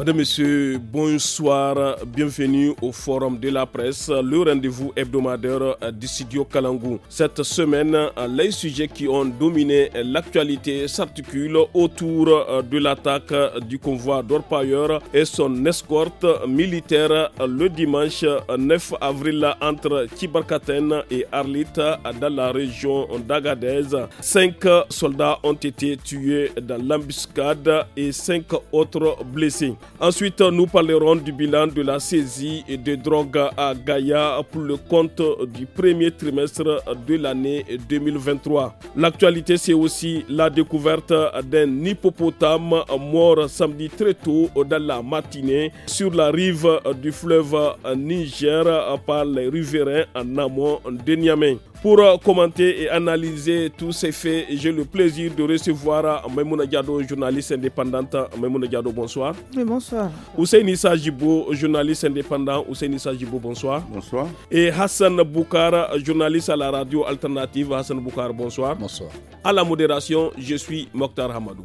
Madame, Monsieur, bonsoir, bienvenue au Forum de la presse, le rendez-vous hebdomadaire euh, du studio Kalangou. Cette semaine, euh, les sujets qui ont dominé l'actualité s'articulent autour euh, de l'attaque du convoi d'orpailleurs et son escorte militaire le dimanche 9 avril entre Tibarkaten et Arlit dans la région d'Agadez. Cinq soldats ont été tués dans l'embuscade et cinq autres blessés. Ensuite, nous parlerons du bilan de la saisie de drogues à Gaïa pour le compte du premier trimestre de l'année 2023. L'actualité, c'est aussi la découverte d'un hippopotame mort samedi très tôt dans la matinée sur la rive du fleuve Niger par les riverains en amont de Niamey. Pour euh, commenter et analyser tous ces faits, j'ai le plaisir de recevoir euh, Memouna Diado, journaliste indépendante. Memouna Diado, bonsoir. Oui, bonsoir. Issa Jibou, journaliste indépendant. Issa Jibou, bonsoir. Bonsoir. Et Hassan Boukar, journaliste à la radio alternative. Hassan Boukar, bonsoir. Bonsoir. À la modération, je suis Mokhtar Hamadou.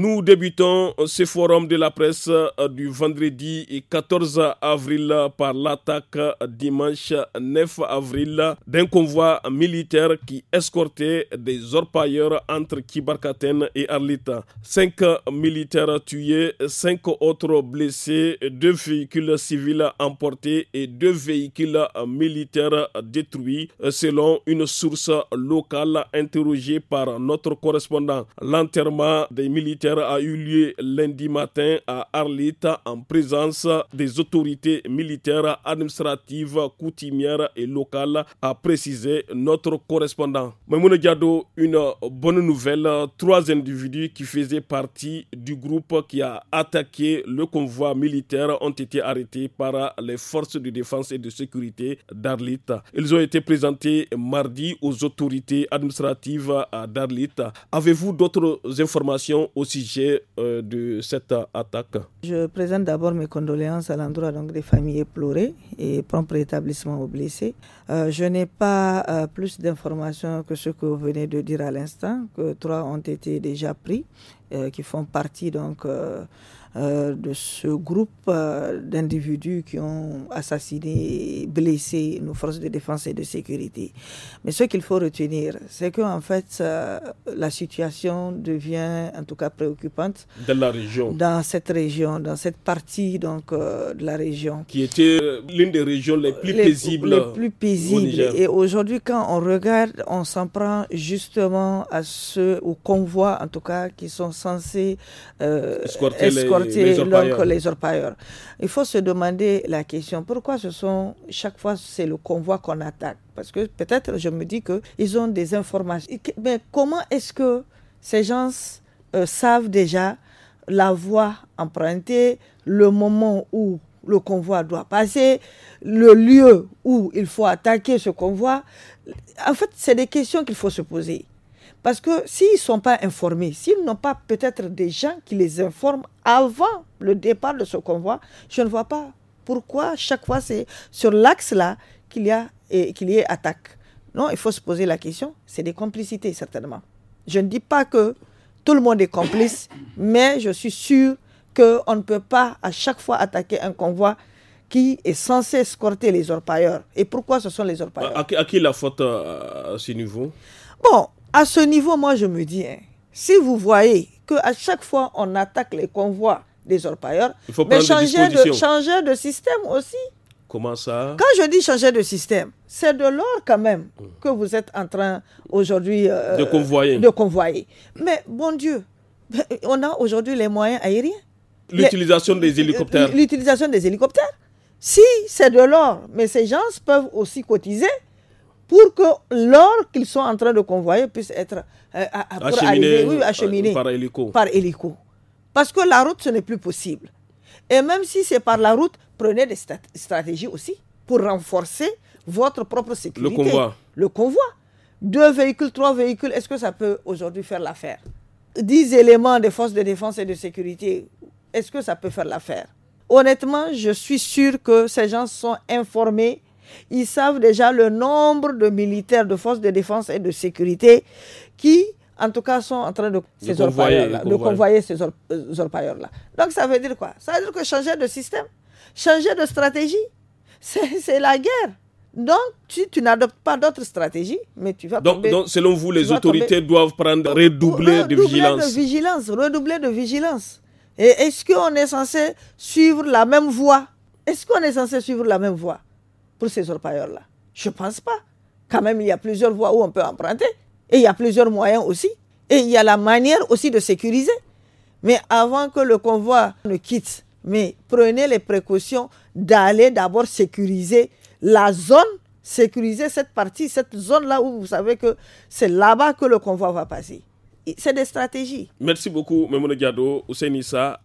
Nous débutons ce forum de la presse euh, du vendredi 14 avril par l'attaque euh, dimanche 9 avril d'un convoi militaire qui escortait des orpailleurs entre Kibarkaten et Arlita. Cinq militaires tués, cinq autres blessés, deux véhicules civils emportés et deux véhicules euh, militaires détruits selon une source locale interrogée par notre correspondant. L'enterrement des militaires a eu lieu lundi matin à Arlit en présence des autorités militaires, administratives, coutumières et locales, a précisé notre correspondant. Maimouna Diado, une bonne nouvelle, trois individus qui faisaient partie du groupe qui a attaqué le convoi militaire ont été arrêtés par les forces de défense et de sécurité d'Arlit. Ils ont été présentés mardi aux autorités administratives d'Arlita. Darlit. Avez-vous d'autres informations aussi euh, de cette attaque Je présente d'abord mes condoléances à l'endroit donc, des familles éplorées et propre rétablissement aux blessés. Euh, je n'ai pas euh, plus d'informations que ce que vous venez de dire à l'instant, que trois ont été déjà pris, qui font partie donc euh, de ce groupe euh, d'individus qui ont assassiné blessé nos forces de défense et de sécurité. Mais ce qu'il faut retenir, c'est que en fait, euh, la situation devient en tout cas préoccupante. Dans la région. Dans cette région, dans cette partie donc, de la région. Qui était l'une des régions les plus paisibles. Les plus paisibles. et aujourd'hui, quand on regarde, on s'en prend justement à ceux, aux convois en tout cas, qui sont censés escorter, escorter les orpailleurs. Il faut se demander la question pourquoi ce sont chaque fois c'est le convoi qu'on attaque Parce que peut-être je me dis que ils ont des informations. Mais comment est-ce que ces gens euh, savent déjà la voie empruntée, le moment où le convoi doit passer, le lieu où il faut attaquer ce convoi. En fait, c'est des questions qu'il faut se poser. Parce que s'ils ne sont pas informés, s'ils n'ont pas peut-être des gens qui les informent avant le départ de ce convoi, je ne vois pas pourquoi chaque fois c'est sur l'axe-là qu'il y, a, qu'il y ait attaque. Non, il faut se poser la question, c'est des complicités certainement. Je ne dis pas que tout le monde est complice, mais je suis sûr qu'on ne peut pas à chaque fois attaquer un convoi qui est censé escorter les orpailleurs. Et pourquoi ce sont les orpailleurs à, qui la faute euh, à ce niveau Bon, à ce niveau, moi, je me dis, hein, si vous voyez que à chaque fois, on attaque les convois des orpailleurs, Il faut mais changer de, changer de système aussi. Comment ça Quand je dis changer de système, c'est de l'or quand même hmm. que vous êtes en train aujourd'hui euh, de, convoyer. de convoyer. Mais bon Dieu, on a aujourd'hui les moyens aériens. L'utilisation des euh, hélicoptères. L'utilisation des hélicoptères. Si c'est de l'or, mais ces gens peuvent aussi cotiser pour que l'or qu'ils sont en train de convoyer puisse être euh, euh, acheminé, par, hélico. par hélico. Parce que la route, ce n'est plus possible. Et même si c'est par la route, prenez des stratégies aussi pour renforcer votre propre sécurité. Le convoi. Le convoi. Deux véhicules, trois véhicules, est-ce que ça peut aujourd'hui faire l'affaire Dix éléments des forces de défense et de sécurité, est-ce que ça peut faire l'affaire Honnêtement, je suis sûr que ces gens sont informés ils savent déjà le nombre de militaires de forces de défense et de sécurité qui, en tout cas, sont en train de, convoyer, de convoyer ces euh, orpailleurs-là. Donc ça veut dire quoi Ça veut dire que changer de système, changer de stratégie, c'est la guerre. Donc, tu, tu n'adoptes pas d'autres stratégies, mais tu vas donc, donc, selon vous, les autorités doivent prendre, euh, euh, redoubler, de vigilance. de vigilance. Redoubler de vigilance. Et est-ce qu'on est censé suivre la même voie Est-ce qu'on est censé suivre la même voie pour ces orpailleurs-là Je pense pas. Quand même, il y a plusieurs voies où on peut emprunter. Et il y a plusieurs moyens aussi. Et il y a la manière aussi de sécuriser. Mais avant que le convoi ne quitte, mais prenez les précautions d'aller d'abord sécuriser la zone, sécuriser cette partie, cette zone-là où vous savez que c'est là-bas que le convoi va passer c'est des stratégies. Merci beaucoup, Memoune Diado,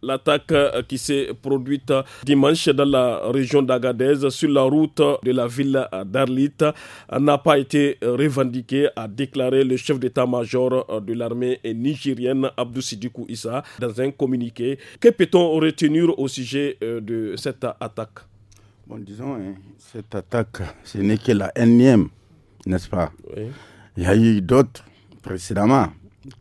L'attaque euh, qui s'est produite euh, dimanche dans la région d'Agadez sur la route de la ville d'Arlit euh, n'a pas été revendiquée, a déclaré le chef d'état-major de l'armée nigérienne, Abdou Sidikou Issa, dans un communiqué. Que peut-on retenir au sujet de cette attaque Bon, disons, hein, cette attaque, ce n'est que la énième, n'est-ce pas Il y a eu d'autres précédemment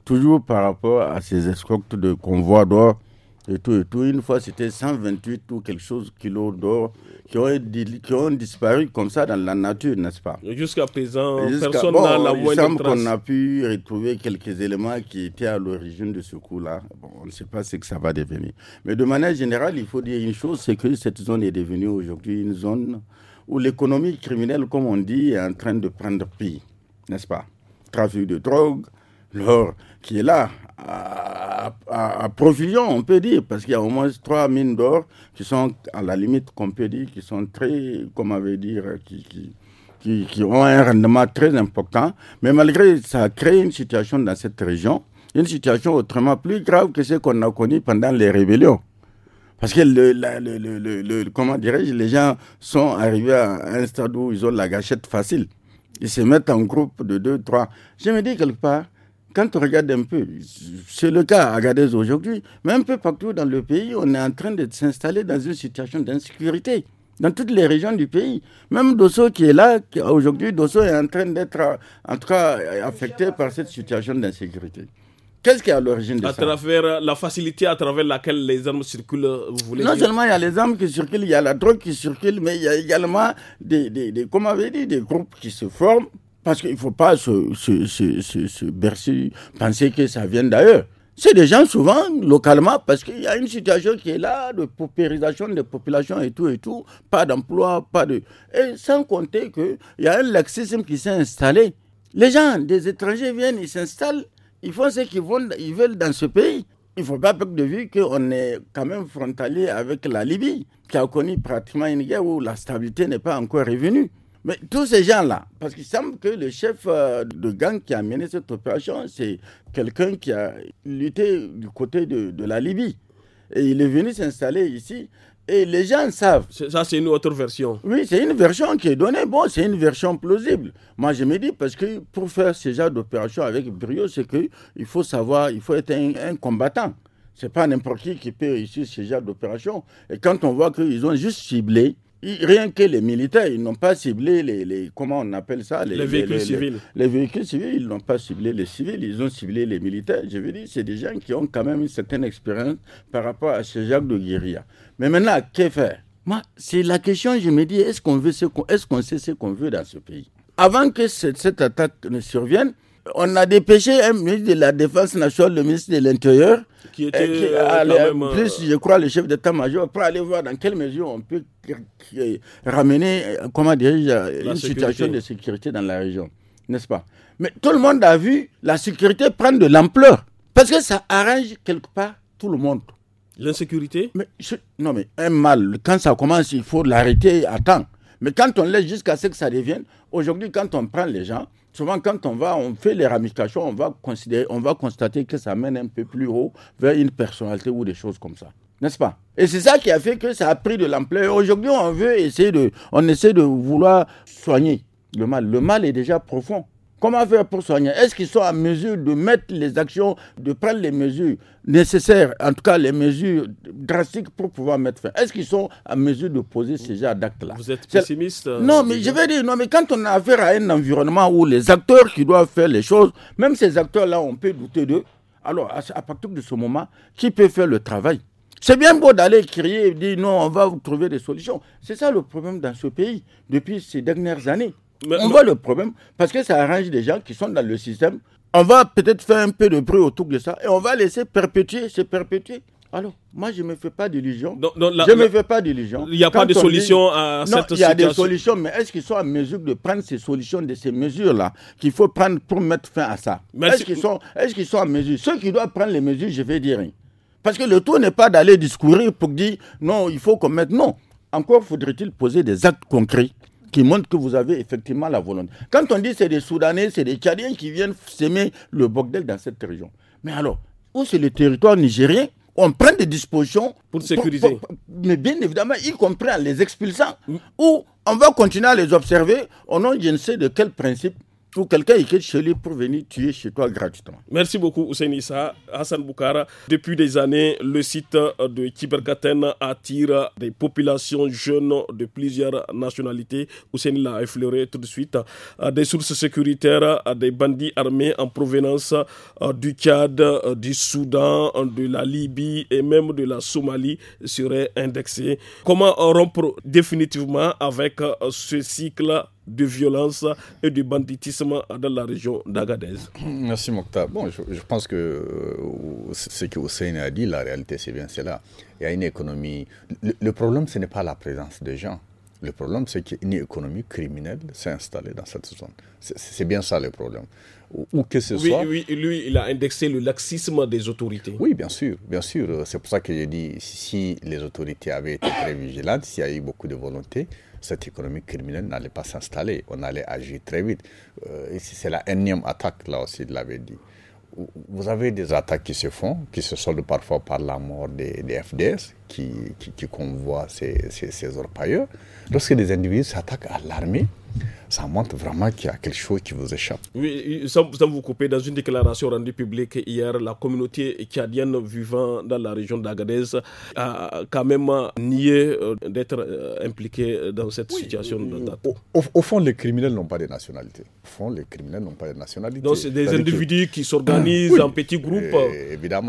toujours par rapport à ces escrocs de convois d'or et tout et tout. Une fois, c'était 128 ou quelque chose kilos d'or qui ont, disparu comme ça dans la nature, n'est-ce pas Jusqu'à présent, personne n'a la moindre trace. qu'on a pu retrouver quelques éléments qui étaient à l'origine de ce coup-là. Bon, on ne sait pas ce que ça va devenir. Mais de manière générale, il faut dire une chose, c'est que cette zone est devenue aujourd'hui une zone où l'économie criminelle, comme on dit, est en train de prendre pied, n'est-ce pas Trafic de drogue, l'or qui est là, à, à, profusion, on peut dire, parce qu'il y a au moins trois mines d'or qui sont, à la limite, qu'on peut dire, qui sont très, comment veut dire, qui, qui, qui, ont un rendement très important. Mais malgré ça, crée une situation dans cette région, une situation autrement plus grave que ce qu'on a connu pendant les rébellions. Parce que le, le, le, comment dirais-je, les gens sont arrivés à un stade où ils ont la gâchette facile. Ils se mettent en groupe de deux, trois. Je me dis quelque part, quand on regarde un peu, c'est le cas à Gadez aujourd'hui, mais un peu partout dans le pays, on est en train de s'installer dans une situation d'insécurité. Dans toutes les régions du pays. Même Dosso qui est là, aujourd'hui, Dosso est en train d'être en train affecté par cette situation d'insécurité. Qu'est-ce qui est à l'origine de ça À travers la facilité à travers laquelle les armes circulent, vous voulez Non seulement il y a les armes qui circulent, il y a la drogue qui circule, mais il y a également des, comme on avait dit, des groupes qui se forment parce qu'il ne faut pas se, se, se, se, bercer, penser que ça vient d'ailleurs. C'est des gens souvent, localement, parce qu'il y a une situation qui est là, de paupérisation des populations et tout et tout, pas d'emploi, pas de... Et sans compter qu'il y a un laxisme qui s'est installé. Les gens, des étrangers viennent, ils s'installent, ils font ce qu'ils ils veulent dans ce pays. Il ne faut pas perdre de vue qu'on est quand même frontalier avec la Libye, qui a connu pratiquement une guerre où la stabilité n'est pas encore revenue. Mais tous ces gens-là, parce qu'il semble que le chef euh, de gang qui a mené cette opération, c'est quelqu'un qui a lutté du côté de, la Libye. Et il est venu s'installer ici. Et les gens savent. Ça, c'est une autre version. Oui, c'est une version qui est donnée. Bon, c'est une version plausible. Moi, je me dis, parce que pour faire ce genre d'opération avec brio, c'est qu'il faut savoir, il faut être un, combattant. combattant. C'est pas n'importe qui qui peut réussir ce genre d'opération. Et quand on voit qu'ils ont juste ciblé rien que les militaires, ils n'ont pas ciblé les, les, comment on appelle ça les, les véhicules civils. Les, véhicules civils, ils n'ont pas ciblé les civils, ils ont ciblé les militaires. Je veux dire, c'est des gens qui ont quand même une certaine expérience par rapport à ce Jacques de guérilla. Mais maintenant, que faire Moi, c'est la question. Je me dis, est-ce qu'on veut, est-ce qu'on sait ce qu'on veut dans ce pays Avant que cette, cette attaque ne survienne, on a dépêché un ministre de la Défense nationale, le ministre de l'Intérieur, qui euh, euh, plus, euh, je crois, le chef d'état-major, pour aller voir dans quelle mesure on peut ramener, comment dire, une situation de sécurité dans la région, n'est-ce pas Mais tout le monde a vu la sécurité prendre de l'ampleur, parce que ça arrange quelque part tout le monde. L'insécurité Non, mais un mal, quand ça commence, il faut l'arrêter à temps. Mais quand on laisse jusqu'à ce que ça devienne, aujourd'hui, quand on prend les gens, Souvent, quand on va, on fait les ramifications, on va, considérer, on va constater que ça mène un peu plus haut vers une personnalité ou des choses comme ça. N'est-ce pas Et c'est ça qui a fait que ça a pris de l'ampleur. Aujourd'hui, on veut essayer de, on essaie de vouloir soigner le mal. Le mal est déjà profond. Comment faire pour soigner Est-ce qu'ils sont en mesure de mettre les actions, de prendre les mesures nécessaires, en tout cas les mesures drastiques pour pouvoir mettre fin Est-ce qu'ils sont en mesure de poser ces genre là Vous êtes pessimiste euh, Non, mais je vais dire, non, mais quand on a affaire à un environnement où les acteurs qui doivent faire les choses, même ces acteurs-là, on peut douter d'eux. Alors, à partir de ce moment, qui peut faire le travail c'est bien beau d'aller crier et dire non, on va vous trouver des solutions. C'est ça le problème dans ce pays depuis ces dernières années on voit le problème parce que ça arrange des gens qui sont dans le système. On va peut-être faire un peu de bruit autour de ça et on va laisser perpétuer, se perpétuer. Alors, moi, je ne me fais pas d'illusions. Je ne me fais pas d'illusions. Il n'y a pas de solution à cette non, Il y a des solutions, mais est-ce qu'ils sont en mesure de prendre ces solutions, de ces mesures-là, qu'il faut prendre pour mettre fin à ça Est-ce qu'ils sont, est qu'ils sont en mesure Ceux qui doivent prendre les mesures, je vais dire. Hein. Parce que le tour n'est pas d'aller discourir pour dire non, il faut qu'on mette. Non. Encore faudrait-il poser des actes concrets qui montre que vous avez effectivement la volonté. Quand on dit c'est des Soudanais, c'est des Tchadiens qui viennent s'aimer le bordel dans cette région. Mais alors, où c'est le territoire nigérien on prend des dispositions pour sécuriser. mais bien évidemment, y compris en les expulsant. Mm. Ou on va continuer à les observer au nom je ne sais de quel principe ou quelqu'un qui est chez lui pour venir tuer chez toi gratuitement. Merci beaucoup Issa. Hassan Boukara. Depuis des années, le site de Kibergaten attire des populations jeunes de plusieurs nationalités. Ouseni l'a effleuré tout de suite. Des sources sécuritaires, des bandits armés en provenance euh, du Tchad, euh, du Soudan, de la Libye et même de la Somalie seraient indexés. Comment rompre définitivement avec euh, ce cycle de violence et de banditisme dans la région d'Agadez. Merci Mokhtar. Bon, je, pense que euh, ce que Hussein a dit, la réalité c'est bien cela. Il y a une économie. Le, problème ce n'est pas la présence des gens. Le problème c'est qu'une économie criminelle s'est installée dans cette zone. C'est bien ça le problème. Ou, que ce soit. Oui, lui, il a indexé le laxisme des autorités. Oui, bien sûr, bien sûr. C'est pour ça que j'ai dit si les autorités avaient été très vigilantes, s'il y a eu beaucoup de volonté, cette économie criminelle n'allait pas s'installer. On allait agir très vite. Ici, euh, c'est la énième attaque, là aussi, il l'avait dit. Vous avez des attaques qui se font, qui se soldent parfois par la mort des FDS, qui, qui, convoient ces, orpailleurs, lorsque des individus s'attaquent à l'armée, ça montre vraiment qu'il y a quelque chose qui vous échappe. Oui, sans, vous couper, dans une déclaration rendue publique hier, la communauté tchadienne vivant dans la région d'Agadez a quand même nié euh, d'être euh, impliquée dans cette situation. Euh, au, fond, les criminels n'ont pas de nationalité. Au fond, les criminels n'ont pas de nationalité. Donc, c'est des individus qui s'organisent en petits groupes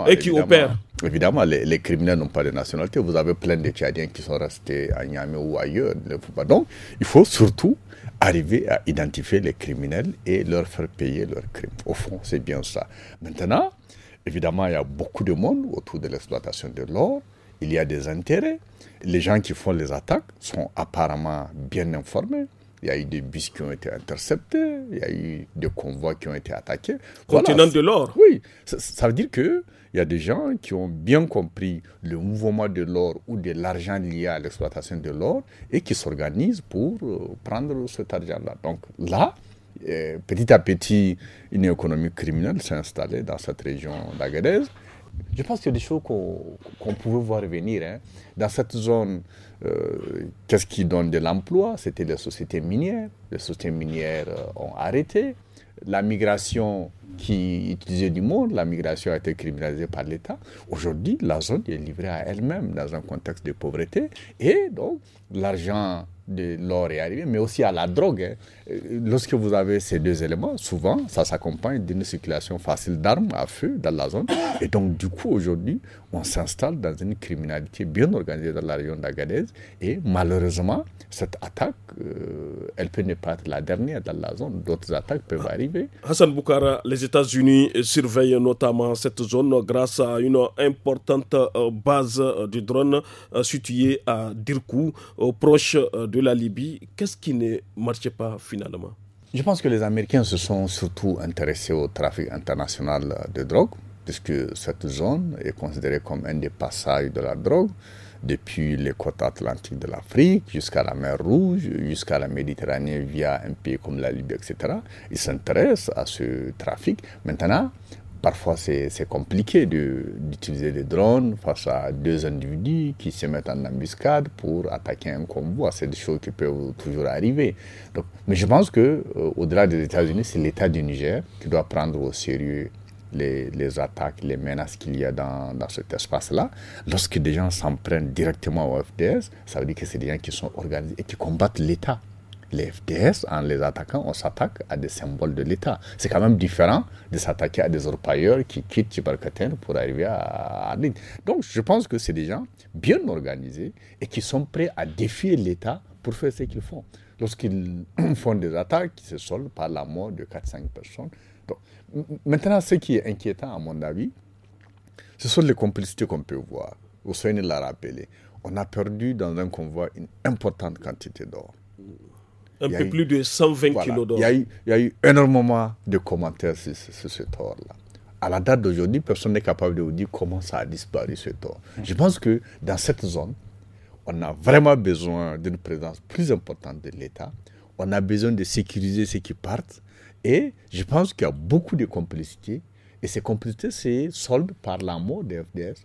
et, qui opèrent. Évidemment, les criminels n'ont pas de nationalité vous avez plein de Tchadiens qui sont restés à Niamey ou ailleurs. Donc, il faut surtout arriver à identifier les criminels et leur faire payer leurs crimes. Au fond, c'est bien ça. Maintenant, évidemment, il y a beaucoup de monde autour de l'exploitation de l'or. Il y a des intérêts. Les gens qui font les attaques sont apparemment bien informés. Il y a eu des bus qui ont été interceptés, il y a eu des convois qui ont été attaqués. Continent de l'or. Oui, ça, veut dire que il y a des gens qui ont bien compris le mouvement de l'or ou de l'argent lié à l'exploitation de l'or et qui s'organisent pour euh, prendre cet argent-là. Donc là, euh, petit à petit, une économie criminelle s'est installée dans cette région d'Agadez. Je pense qu'il y a des choses qu'on pouvait voir venir. Hein. Dans cette zone, euh, qu'est-ce qui donne de l'emploi C'était les sociétés minières. Les sociétés minières euh, ont arrêté. La migration qui utilisait du monde, la migration a été criminalisée par l'État. Aujourd'hui, la zone est livrée à elle-même dans un contexte de pauvreté. Et donc, l'argent de l'or est arrivé, mais aussi à la drogue. Hein. Euh, lorsque vous avez ces deux éléments, souvent, ça s'accompagne d'une circulation facile d'armes à feu dans la zone. Et donc, du coup, aujourd'hui, on s'installe dans une criminalité bien organisée dans la région d'Agadez. Et malheureusement, cette attaque, euh, elle peut ne pas être la dernière dans la zone. D'autres attaques peuvent arriver. Hassan Boukara, les États-Unis surveillent notamment cette zone grâce à une importante euh, base de drones située à Dirkou, proche de la Libye. Qu'est-ce qui ne marchait pas finalement je pense que les Américains se sont surtout intéressés au trafic international de drogue, puisque cette zone est considérée comme un des passages de la drogue, depuis les côtes atlantiques de l'Afrique jusqu'à la mer Rouge, jusqu'à la Méditerranée via un pays comme la Libye, etc. Ils s'intéressent à ce trafic. Maintenant, parfois c'est compliqué d'utiliser des drones face à deux individus qui se mettent en embuscade pour attaquer un convoi. C'est des choses qui peuvent toujours arriver. mais je pense que euh, au-delà des États-Unis, c'est l'État du Niger qui doit prendre au sérieux les, les, attaques, les menaces qu'il y a dans, dans cet espace-là. Lorsque des gens s'en prennent directement au FDS, ça veut dire que c'est des gens qui sont organisés et qui combattent l'État les FDS, en les attaquant, on s'attaque à des symboles de l'État. C'est quand même différent de s'attaquer à des orpailleurs qui quittent Tibarkaten pour arriver à Ardine. Donc je pense que c'est des gens bien organisés et qui sont prêts à défier l'État pour faire ce qu'ils font. Lorsqu'ils font des attaques ils se soldent par la mort de 4-5 personnes. Donc, maintenant, ce qui est inquiétant, à mon avis, ce sont les complicités qu'on peut voir. de l'a rappelé. On a perdu dans un convoi une importante quantité d'or un peu plus de 120 kg kilos d'or. Il, y, a eu énormément de commentaires sur, ce tort-là. À la date d'aujourd'hui, personne n'est capable de vous dire comment ça a disparu ce tort. Mm. Je pense que dans cette zone, on a vraiment besoin d'une présence plus importante de l'État. On a besoin de sécuriser ceux qui partent. Et je pense qu'il y a beaucoup de complicités. Et ces complicités c'est solde par l'amour des FDS,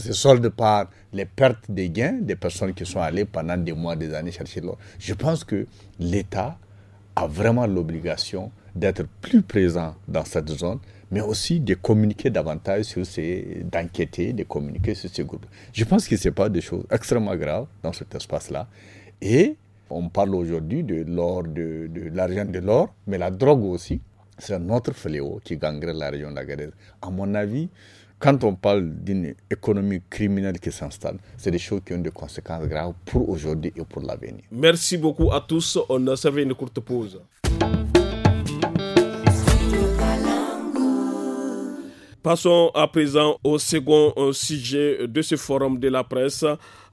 c'est se solde par les pertes des gains des personnes qui sont allées pendant des mois, des années chercher l'or. Je pense que l'État a vraiment l'obligation d'être plus présent dans cette zone, mais aussi de communiquer davantage sur ces, d'enquêter, de communiquer sur ces groupes. Je pense que ce n'est pas des choses extrêmement graves dans cet espace-là. Et on parle aujourd'hui de l'or, de, l'argent de l'or, mais la drogue aussi. C'est un autre fléau qui gangrène la région de la Garelle. À mon avis, quand on parle d'une économie criminelle qui s'installe, c'est des choses qui ont des conséquences graves pour aujourd'hui et pour l'avenir. Merci beaucoup à tous. On a servi une courte pause. Passons à présent au second euh, sujet de ce forum de la presse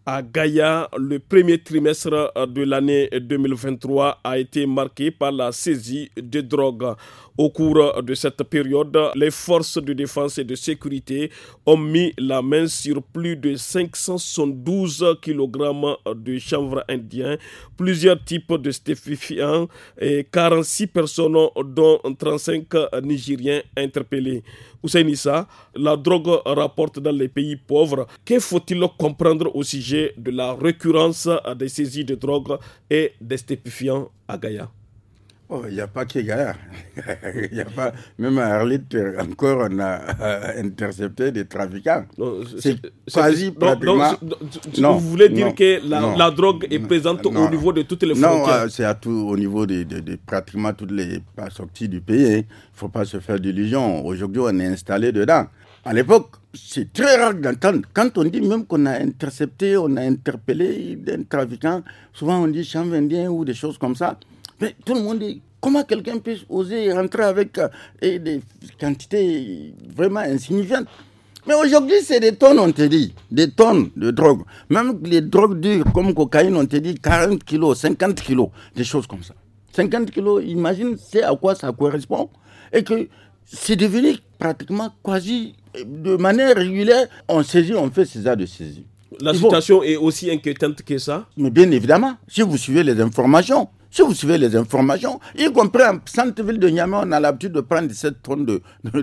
à Gaïa, le premier trimestre de l'année 2023 a été marqué par la saisie de drogue. Au cours de cette période, les forces de défense et de sécurité ont mis la main sur plus de 572 kg de chanvre indien, plusieurs types de stupéfiants et 46 personnes, dont 35 Nigériens interpellés. Hussein Issa, la drogue rapporte dans les pays pauvres. Que faut-il comprendre au sujet de la récurrence des saisies de drogue et des stépifiants à Gaïa oh, il n'y a pas que Gaïa. y a pas... Même à Arlit, encore, on a euh, intercepté des trafiquants. C'est quasi pratiquement... vous voulez dire que la, drogue est présente au niveau de toutes les frontières Non, euh, c'est à tout, au niveau de, de, pratiquement toutes les sorties du pays. Il hein. ne faut pas se faire d'illusions. Aujourd'hui, on est installé dedans. À l'époque, c'est très rare d'entendre. Quand on dit même qu'on a intercepté, on a interpellé des trafiquants, souvent on dit champ ou des choses comme ça. Mais tout le monde dit comment quelqu'un puisse oser rentrer avec euh, des quantités vraiment insignifiantes. Mais aujourd'hui, c'est des tonnes, on te dit, des tonnes de drogue. Même les drogues dures comme cocaïne, on te dit 40 kilos, 50 kilos, des choses comme ça. 50 kilos, imagine, c'est à quoi ça correspond. Et que c'est devenu pratiquement quasi de manière régulière. On saisit, on fait ces de saisie. La situation est aussi inquiétante que ça Mais bien évidemment, si vous suivez les informations. Si vous suivez les informations, y compris en centre-ville de Niamey, on a l'habitude de prendre cette tonnes de, de,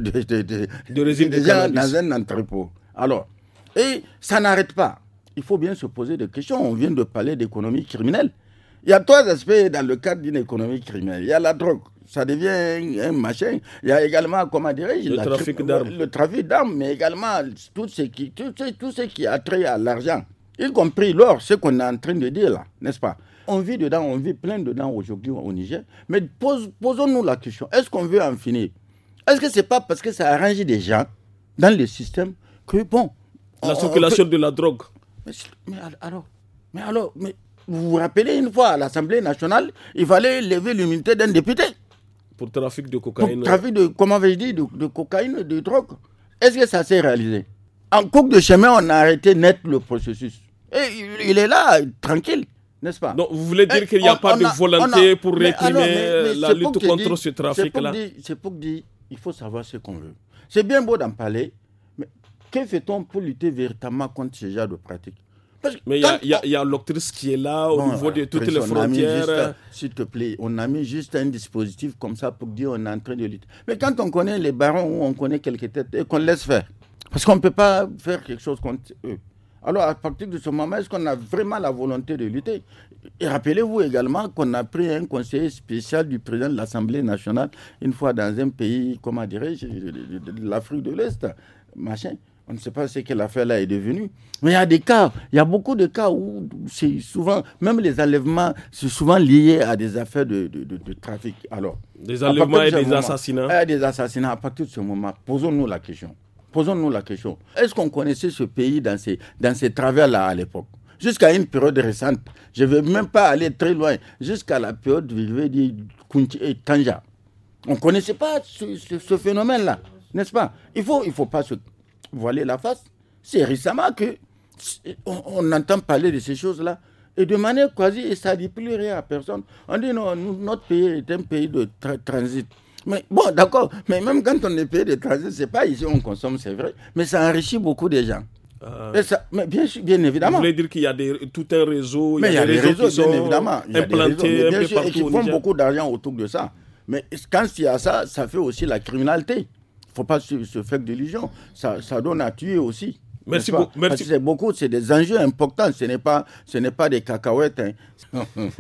de, dans un entrepôt. Alors, et ça n'arrête pas. Il faut bien se poser des questions. On vient de parler d'économie criminelle. Il y a trois aspects dans le cadre d'une économie criminelle. Il y a la drogue, ça devient un machin. Il y a également, comment dirais-je, le, trafic d'armes. Le trafic d'armes, mais également tout ce qui, tout ce, qui a trait à l'argent, y compris l'or, ce qu'on est en train de dire là, n'est-ce pas on vit dedans, on vit plein dedans aujourd'hui au Niger. Mais posons-nous la question, est-ce qu'on veut en finir Est-ce que ce n'est pas parce que ça arrange des gens dans le système que, bon... La circulation de la drogue. Mais, alors, mais alors vous vous rappelez une fois à l'Assemblée nationale, il fallait lever l'immunité d'un député pour trafic de cocaïne. trafic de, comment vais-je dire, de, cocaïne, de drogue. Est-ce que ça s'est réalisé En cours de chemin, on a arrêté net le processus. Et il, est là, tranquille, n'est-ce pas Donc vous voulez dire qu'il n'y a pas de volonté pour réprimer la lutte contre ce trafic-là C'est pour dire, il faut savoir ce qu'on veut. C'est bien beau d'en parler, mais que fait-on pour lutter véritablement contre ce genre de pratique mais il y a, y l'octrice qui est là au niveau de euh, toutes les frontières. Euh, s'il te plaît, on a mis juste un dispositif comme ça pour dire on est en train de lutter. Mais quand on connaît les barons ou on connaît quelques têtes, et qu'on laisse faire. Parce qu'on ne peut pas faire quelque chose contre eux. Alors, à partir de ce moment, est-ce qu'on a vraiment la volonté de lutter Et rappelez-vous également qu'on a pris un conseiller spécial du président de l'Assemblée nationale une fois dans un pays, comment dirais-je, de l'Afrique de l'Est, machin on ne sait pas ce que l'affaire-là est devenue. Mais il y a des cas, il y a beaucoup de cas où c'est souvent, même les enlèvements, c'est souvent lié à des affaires de, trafic. Alors, des enlèvements et des assassinats. Eh, des assassinats. À partir de ce moment, posons-nous la question. Posons-nous la question. Est-ce qu'on connaissait ce pays dans ces, dans ces travers-là à l'époque Jusqu'à une période récente, je ne vais même pas aller très loin, jusqu'à la période, je vais dire, Kunti et euh, Tanja. On ne connaissait pas ce, phénomène-là, n'est-ce pas Il ne faut, il faut pas se voiler la face. C'est récemment que on, entend parler de ces choses-là. Et de manière quasi, ça ne dit plus rien à personne. On dit non, notre pays est un pays de transit. Mais bon, d'accord, mais même quand on est pays de transit, c'est pas ici on consomme, c'est vrai, mais ça enrichit beaucoup des gens. Euh, mais bien, bien, évidemment. Vous voulez dire qu'il y a tout un réseau, il y, a des réseaux, évidemment. implantés des réseaux, bien et qui font beaucoup d'argent autour de ça. Mais quand il y a ça, ça fait aussi la criminalité ne faut pas se, faire de Ça, ça donne à tuer aussi. Merci beaucoup. Merci. C'est beaucoup, c'est des enjeux importants. Ce n'est pas, ce n'est pas des cacahuètes. Hein.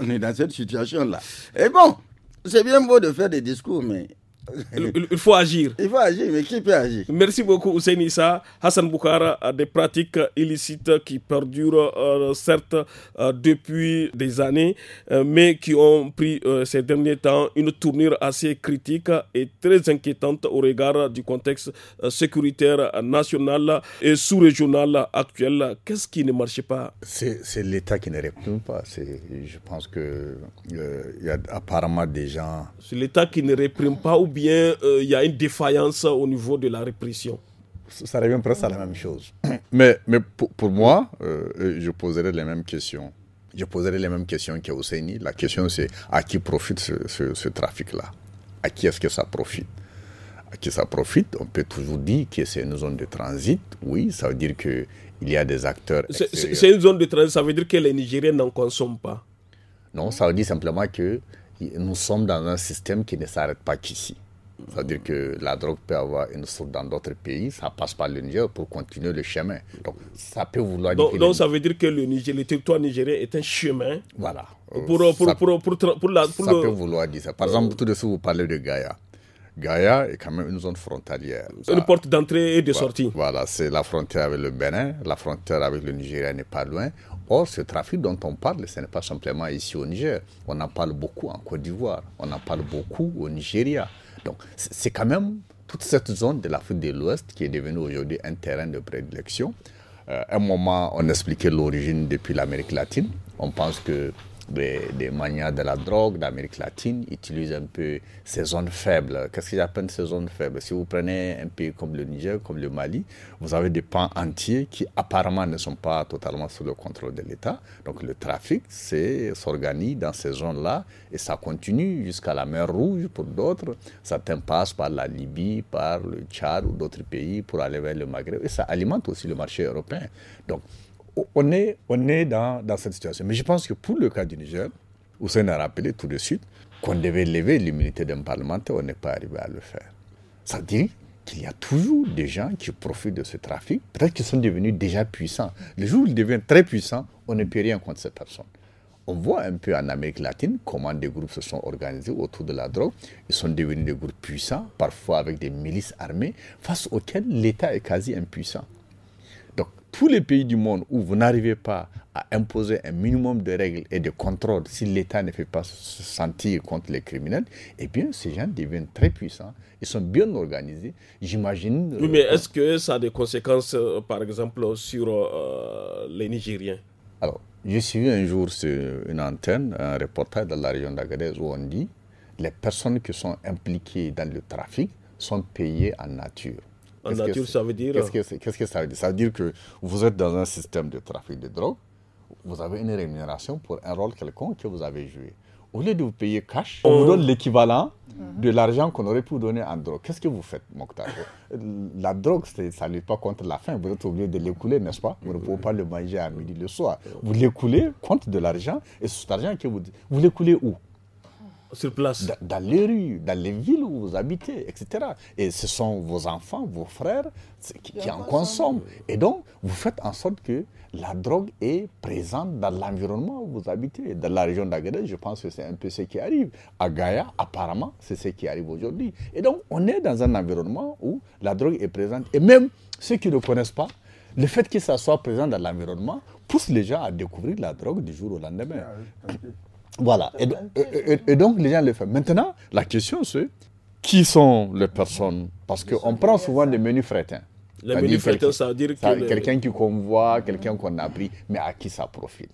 On est dans cette situation-là. Et bon, c'est bien beau de faire des discours, mais il, faut agir. Il faut agir, mais qui peut agir Merci beaucoup, Hussein Issa. Hassan Boukhara, des pratiques illicites qui perdurent, euh, certes, euh, depuis des années, euh, mais qui ont pris ces derniers temps une tournure assez critique et très inquiétante au regard du contexte sécuritaire national et sous-régional actuel. Qu'est-ce qui ne marche pas C'est l'État qui ne réprime pas. Je pense que il y a apparemment des gens. C'est l'État qui ne réprime pas ou bien euh, il y a une défaillance au niveau de la répression Ça revient presque à la même chose. Mais, mais pour, moi, euh, je poserai les mêmes questions. Je poserai les mêmes questions Séni. La question, c'est à qui profite ce, ce trafic-là À qui est-ce que ça profite À qui ça profite On peut toujours dire que c'est une zone de transit. Oui, ça veut dire qu'il y a des acteurs. C'est une zone de transit, ça veut dire que les Nigériens n'en consomment pas. Non, ça veut dire simplement que nous sommes dans un système qui ne s'arrête pas qu'ici. C'est-à-dire que la drogue peut avoir une source dans d'autres pays, ça passe par le Niger pour continuer le chemin. Donc ça peut vouloir dire... donc ça veut dire que le, Niger, le territoire nigérien est un chemin. Voilà. Pour, euh, pour, ça, pour, pour la, ça peut vouloir dire ça. Par exemple, euh, tout de suite, vous parlez de Gaïa. Gaïa est quand même une zone frontalière. Une porte d'entrée et de sortie. Voilà, c'est la frontière avec le Bénin, la frontière avec le Nigeria n'est pas loin. Or, ce trafic dont on parle, ce n'est pas simplement ici au Niger. On en parle beaucoup en Côte d'Ivoire, on en parle beaucoup au Nigeria. Donc, c'est quand même toute cette zone de l'Afrique de l'Ouest qui est devenue aujourd'hui un terrain de prédilection. Euh, à un moment, on expliquait l'origine depuis l'Amérique latine. On pense que des, manières de la drogue d'Amérique latine utilisent un peu ces zones faibles. Qu'est-ce qu'ils appellent ces zones faibles Si vous prenez un pays comme le Niger, comme le Mali, vous avez des pans entiers qui apparemment ne sont pas totalement sous le contrôle de l'État. Donc le trafic s'organise dans ces zones-là et ça continue jusqu'à la mer Rouge pour d'autres. Certains passent par la Libye, par le Tchad ou d'autres pays pour aller vers le Maghreb et ça alimente aussi le marché européen. Donc on est, on est dans, dans, cette situation. Mais je pense que pour le cas du Niger, Hussein a rappelé tout de suite qu'on devait lever l'immunité d'un parlementaire, on n'est pas arrivé à le faire. Ça dit qu'il y a toujours des gens qui profitent de ce trafic, peut-être qu'ils sont devenus déjà puissants. Le jour où ils deviennent très puissants, on ne peut rien contre ces personnes. On voit un peu en Amérique latine comment des groupes se sont organisés autour de la drogue. Ils sont devenus des groupes puissants, parfois avec des milices armées, face auxquelles l'État est quasi impuissant tous les pays du monde où vous n'arrivez pas à imposer un minimum de règles et de contrôles si l'État ne fait pas se sentir contre les criminels, eh bien, ces gens deviennent très puissants. Ils sont bien organisés. J'imagine. Euh, oui, mais est-ce que ça a des conséquences, euh, par exemple, sur euh, les Nigériens Alors, j'ai suivi un jour sur une antenne un reportage dans la région d'Agadez où on dit les personnes qui sont impliquées dans le trafic sont payées en nature. En ça veut dire. Qu'est-ce que, ça veut dire Ça veut dire que vous êtes dans un système de trafic de drogue, vous avez une rémunération pour un rôle quelconque que vous avez joué. Au lieu de vous payer cash, on vous donne l'équivalent mhm. de l'argent qu'on aurait pu donner en drogue. Qu'est-ce que vous faites, Mokhtar euh, La drogue, ça ne lutte pas contre la faim. Vous êtes obligé de l'écouler, n'est-ce pas Vous ne pouvez pas le manger à midi le soir. Vous l'écoulez contre de l'argent et cet argent que vous... Vous l'écoulez où sur place. Dans, les rues, dans les villes où vous habitez, etc. Et ce sont vos enfants, vos frères qui, en consomment. Et donc, vous faites en sorte que la drogue est présente dans l'environnement où vous habitez. Dans la région d'Agadez, je pense que c'est un peu ce qui arrive. À Gaïa, apparemment, c'est ce qui arrive aujourd'hui. Et donc, on est dans un environnement où la drogue est présente. Et même ceux qui ne connaissent pas, le fait que ça soit présent dans l'environnement pousse les gens à découvrir la drogue du jour au lendemain. Ah voilà. Et, donc, les gens le font. Maintenant, la question, c'est qui sont les personnes Parce qu'on prend souvent des menus frétins. Les menus frétins, ça veut dire que. Quelqu'un qui convoit, quelqu'un qu'on a pris, mais à qui ça profite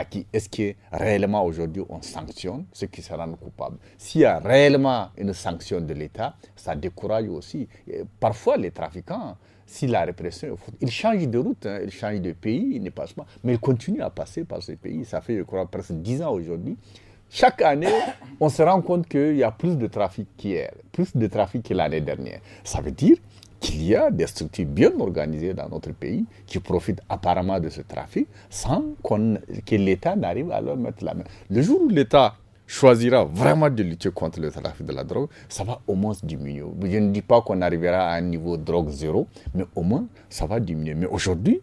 à qui est-ce que réellement aujourd'hui on sanctionne ceux qui se rendent coupables S'il y a réellement une sanction de l'État, ça décourage aussi. parfois, les trafiquants, si la répression Il change de route, hein, il change de pays, il ne passe pas. Mais il continue à passer par ce pays. Ça fait, je crois, presque 10 ans aujourd'hui. Chaque année, on se rend compte qu'il y a plus de trafic qu'hier, plus de trafic que l'année dernière. Ça veut dire qu'il y a des structures bien organisées dans notre pays qui profitent apparemment de ce trafic sans qu'on, que l'État n'arrive à leur mettre la main. Le jour où l'État choisira vraiment de lutter contre le trafic de la drogue, ça va au moins diminuer. Je ne dis pas qu'on arrivera à un niveau drogue zéro, mais au moins ça va diminuer. Mais aujourd'hui,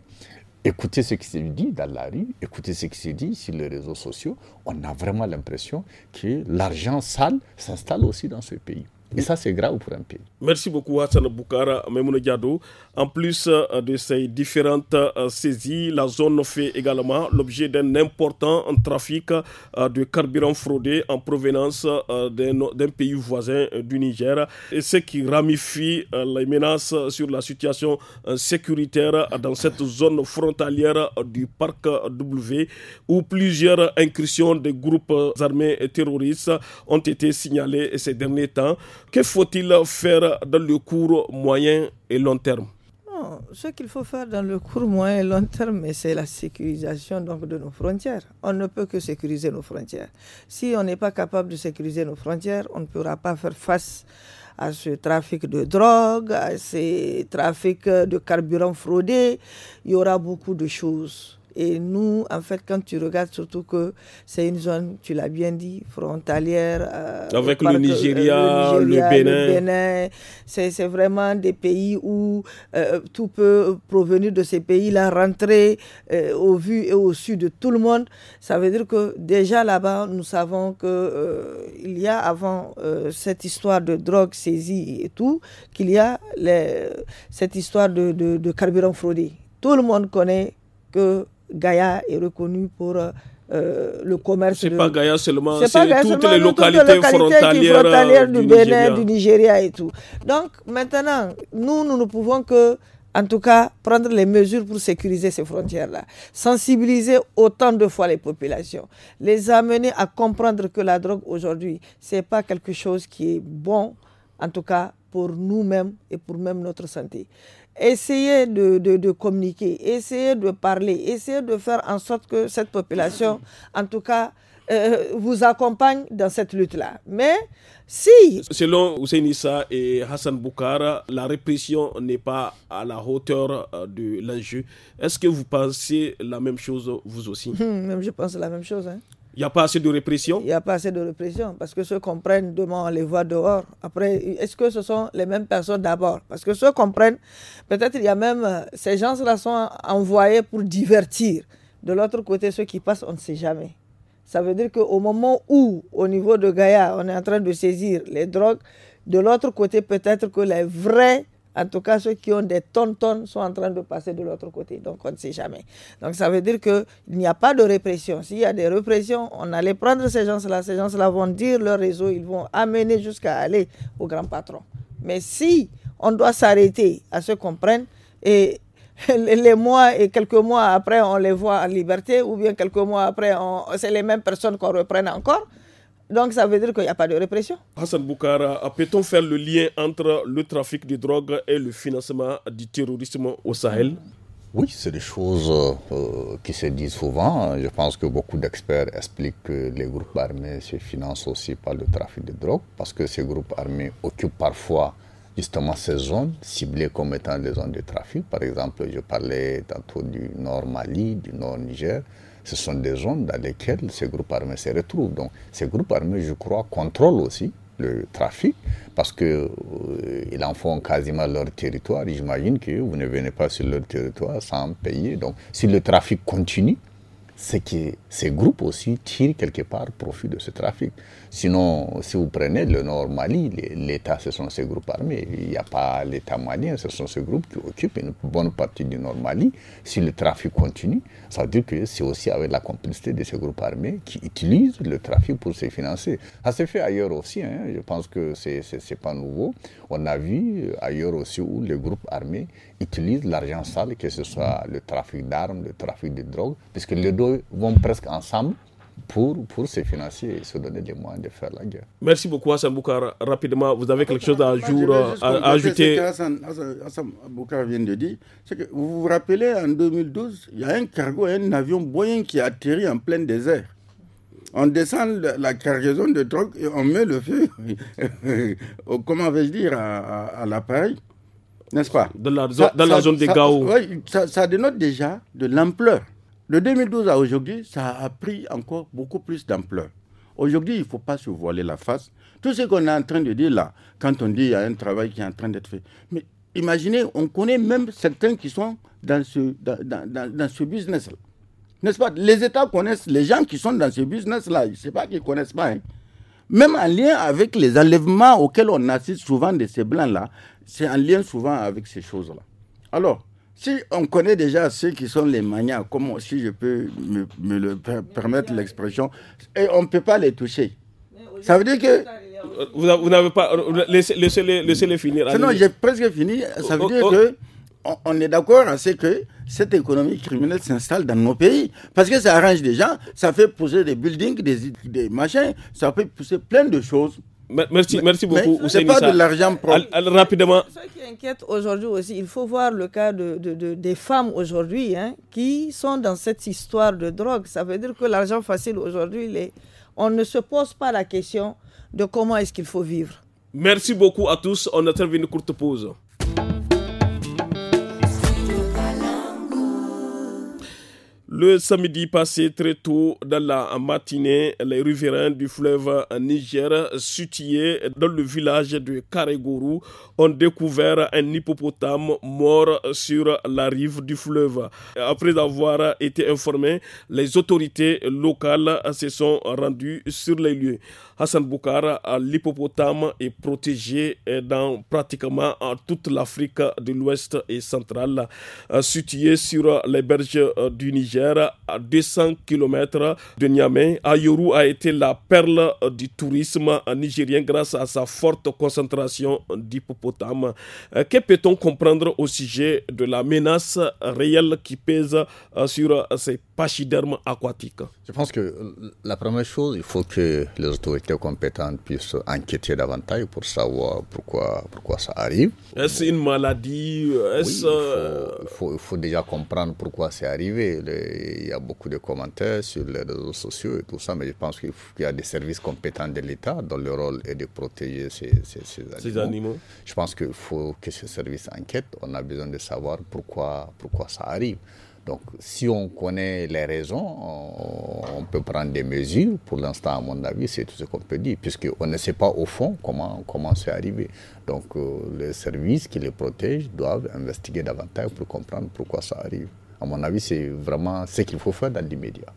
écoutez ce qui se dit dans la rue, écoutez ce qui se dit sur les réseaux sociaux, on a vraiment l'impression que l'argent sale s'installe aussi dans ce pays. Et ça, c'est grave pour un pays. Merci beaucoup, Hassan Boukara Memouna Diado. En plus euh, de ces différentes euh, saisies, la zone fait également l'objet d'un important trafic euh, de carburant fraudé en provenance d'un pays voisin du Niger, et ce qui ramifie les menaces sur la situation sécuritaire dans cette zone frontalière du parc W, où plusieurs incursions de groupes armés et terroristes ont été signalées ces derniers temps. Que faut-il faire dans le court, moyen et long terme ce qu'il faut faire dans le court, moyen et long terme, c'est la sécurisation donc, de nos frontières. On ne peut que sécuriser nos frontières. Si on n'est pas capable de sécuriser nos frontières, on ne pourra pas faire face à ce trafic de drogue, à ces trafic de carburant fraudés. Il y aura beaucoup de choses et nous, en fait, quand tu regardes, surtout que c'est une zone, tu l'as bien dit, frontalière. Euh, Avec euh, le, Nigeria, le, Bénin. C'est vraiment des pays où euh, tout peut provenir de ces pays-là, rentrer au vu et au su de tout le monde. Ça veut dire que déjà là-bas, nous savons que il y a avant cette histoire de drogue saisie et tout, qu'il y a les, cette histoire de, de, de carburant fraudé. Tout le monde connaît que Gaïa est reconnue pour euh, euh, le commerce. Ce n'est pas Gaïa seulement, c'est toutes, les localités, toutes les localités frontalières, euh, du, Bénin, du Nigeria et tout. Donc maintenant, nous, nous ne pouvons que, en tout cas, prendre les mesures pour sécuriser ces frontières-là. Sensibiliser autant de fois les populations. Les amener à comprendre que la drogue aujourd'hui, c'est pas quelque chose qui est bon, en tout cas pour nous-mêmes et pour même notre santé. Essayez de, communiquer, essayez de parler, essayez de faire en sorte que cette population, en tout cas, euh, vous accompagne dans cette lutte-là. Mais si... Selon Hussein et Hassan Boukara, la répression n'est pas à la hauteur euh, de l'enjeu. Est-ce que vous pensez la même chose, vous aussi hmm, Je pense la même chose. Hein. Il n'y a pas assez de répression Il n'y a pas assez de répression, parce que ceux qu'on prenne demain, on les voit dehors. Après, est-ce que ce sont les mêmes personnes d'abord Parce que ceux qu'on prenne, peut-être il y a même, euh, ces gens-là sont envoyés pour divertir. De l'autre côté, ceux qui passent, on ne sait jamais. Ça veut dire qu'au moment où, au niveau de Gaïa, on est en train de saisir les drogues, de l'autre côté, peut-être que les vrais en tout cas, ceux qui ont des tonnes sont en train de passer de l'autre côté. Donc, on ne sait jamais. Donc, ça veut dire qu'il n'y a pas de répression. S'il y a des répressions, on allait prendre ces gens-là. Ces gens-là vont dire leur réseau. Ils vont amener jusqu'à aller au grand patron. Mais si on doit s'arrêter à ce qu'on prenne et les mois et quelques mois après, on les voit en liberté, ou bien quelques mois après, c'est les mêmes personnes qu'on reprenne encore. Donc ça veut dire qu'il n'y a pas de répression. Hassan Boukara, euh, peut-on faire le lien entre le trafic de drogue et le financement du terrorisme au Sahel oui, c'est des choses euh, euh, qui se disent souvent. Je pense que beaucoup d'experts expliquent que les groupes armés se financent aussi par le trafic de drogue, parce que ces groupes armés occupent parfois justement ces zones ciblées comme étant des zones de trafic. Par exemple, je parlais tantôt du nord Mali, du nord Niger ce sont des zones dans lesquelles ces groupes armés se retrouvent. Donc ces groupes armés, je crois, contrôlent aussi le trafic parce qu'ils euh, en font quasiment leur territoire. J'imagine que vous ne venez pas sur leur territoire sans payer. Donc si le trafic continue, c'est que ces groupes aussi tirent quelque part profit de ce trafic. Sinon, si vous prenez le nord Mali, l'État, ce sont ces groupes armés. Il n'y a pas l'État malien, ce sont ces groupes qui occupent une bonne partie du nord Mali. Si le trafic continue, ça veut dire que c'est aussi avec la complicité de ces groupes armés qui utilisent le trafic pour se financer. Ça s'est fait ailleurs aussi, hein. je pense que ce n'est pas nouveau. On a vu ailleurs aussi où les groupes armés utilisent l'argent sale, que ce soit le trafic d'armes, le trafic de drogue, puisque les deux vont presque ensemble pour, pour se financer et se donner des moyens de faire la guerre. Merci beaucoup Hassan Boukar. Rapidement, vous avez quelque chose à, jour, ajouter euh, Hassan, Hassan, Boukar vient de dire, que vous vous rappelez en 2012, il y a un cargo, un avion Boeing qui a atterri en plein désert on descend la cargaison de drogue et on met le feu, comment vais-je dire, à, à, l'appareil. N'est-ce pas Dans la, la zone des Gao. ça dénote déjà de l'ampleur de 2012 à aujourd'hui, ça a pris encore beaucoup plus d'ampleur. Aujourd'hui, il ne faut pas se voiler la face. Tout ce qu'on est en train de dire là, quand on dit qu'il y a un travail qui est en train d'être fait, mais imaginez, on connaît même certains qui sont dans ce, dans, dans, ce business-là. N'est-ce pas Les États connaissent les gens qui sont dans ce business-là. Je ne pas qu'ils ne connaissent pas. Hein. Même en lien avec les enlèvements auxquels on assiste souvent de ces blancs-là, c'est en lien souvent avec ces choses-là. Alors, si on connaît déjà ceux qui sont les manias, comment si je peux me, me le permettre l'expression, et on ne peut pas les toucher. Ça veut dire que euh, vous, n'avez pas. Euh, laissez-les finir. Sinon j'ai presque fini. Ça veut oh, dire qu'on oh. que on, est d'accord à ce que cette économie criminelle s'installe dans nos pays. Parce que ça arrange des gens, ça fait pousser des buildings, des, des machins, ça fait pousser plein de choses. Merci, merci beaucoup. C'est pas de l'argent propre. rapidement. Ce qui inquiète aujourd'hui aussi, il faut voir le cas de, de, des femmes aujourd'hui hein, qui sont dans cette histoire de drogue. Ça veut dire que l'argent facile aujourd'hui, on ne se pose pas la question de comment est-ce qu'il faut vivre. Merci beaucoup à tous. On a terminé une courte pause. Le samedi passé, très tôt dans la matinée, les riverains du fleuve Niger, situés dans le village de Karégourou. ont découvert un hippopotame mort sur la rive du fleuve. Après avoir été informés, les autorités locales se sont rendues sur les lieux. Hassan Boukar, l'hippopotame est protégé dans pratiquement toute l'Afrique de l'Ouest et centrale, situé sur les berges du Niger à 200 km de Niamey. Ayoru a été la perle du tourisme nigérien grâce à sa forte concentration d'hippopotames. Euh, que peut-on comprendre au sujet de la menace réelle qui pèse euh, sur euh, ces pachyderme aquatique. Je pense que la première chose, il faut que les autorités compétentes puissent enquêter davantage pour savoir pourquoi, pourquoi ça arrive. Est-ce une maladie Est euh, il, faut, déjà comprendre pourquoi c'est arrivé. Il y a beaucoup de commentaires sur les réseaux sociaux et tout ça, mais je pense qu'il y a des services compétents de l'État dont le rôle est de protéger ces, animaux. Je pense qu'il faut que ces services enquêtent. On a besoin de savoir pourquoi, pourquoi ça arrive. Donc, si on connaît les raisons, on, peut prendre des mesures. Pour l'instant, à mon avis, c'est tout ce qu'on peut dire, puisqu'on ne sait pas au fond comment, comment c'est arrivé. Donc, euh, les services qui les protègent doivent investiguer davantage pour comprendre pourquoi ça arrive. À mon avis, c'est vraiment ce qu'il faut faire dans l'immédiat.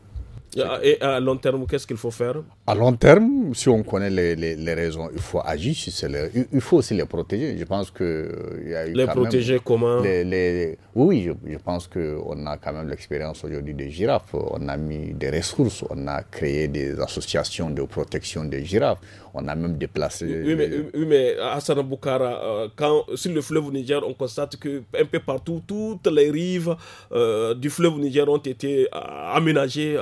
Et à long terme, qu'est-ce qu'il faut faire À long terme, si on connaît les, raisons, il faut agir. il faut aussi les protéger. Je pense que euh, il y a eu les protéger comment Oui, je pense qu'on a quand même l'expérience aujourd'hui des girafes. On a mis des ressources, on a créé des associations de protection des girafes on a même déplacé. Oui, mais, à euh, quand, sur le fleuve Niger, on constate qu'un peu partout, toutes les rives euh, du fleuve Niger ont été euh, aménagées,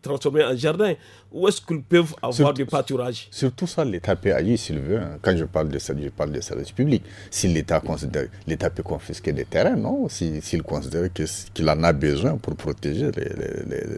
transformées en jardins. Où est-ce qu'ils peuvent avoir des pâturages Sur tout ça, l'État peut agir s'il veut. Hein. Quand je parle de ça, je parle de service public. Si l'État considère, l'État peut confisquer des terrains, non S'il considère qu'il en a besoin pour protéger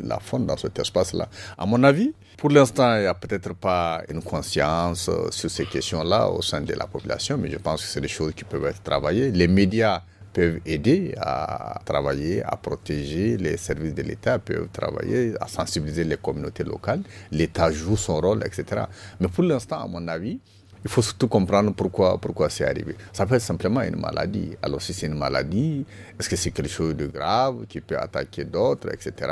la faune dans cet espace-là. À mon avis, pour l'instant, il n'y a peut-être pas une conscience euh, sur ces questions-là au sein de la population, mais je pense que c'est des choses qui peuvent être travaillées. Les médias peuvent aider à travailler, à protéger les services de l'État, peuvent travailler à sensibiliser les communautés locales. L'État joue son rôle, etc. Mais pour l'instant, à mon avis, il faut surtout comprendre pourquoi, pourquoi c'est arrivé. Ça peut être simplement une maladie. Alors si c'est une maladie, est-ce que c'est quelque chose de grave qui peut attaquer d'autres, etc.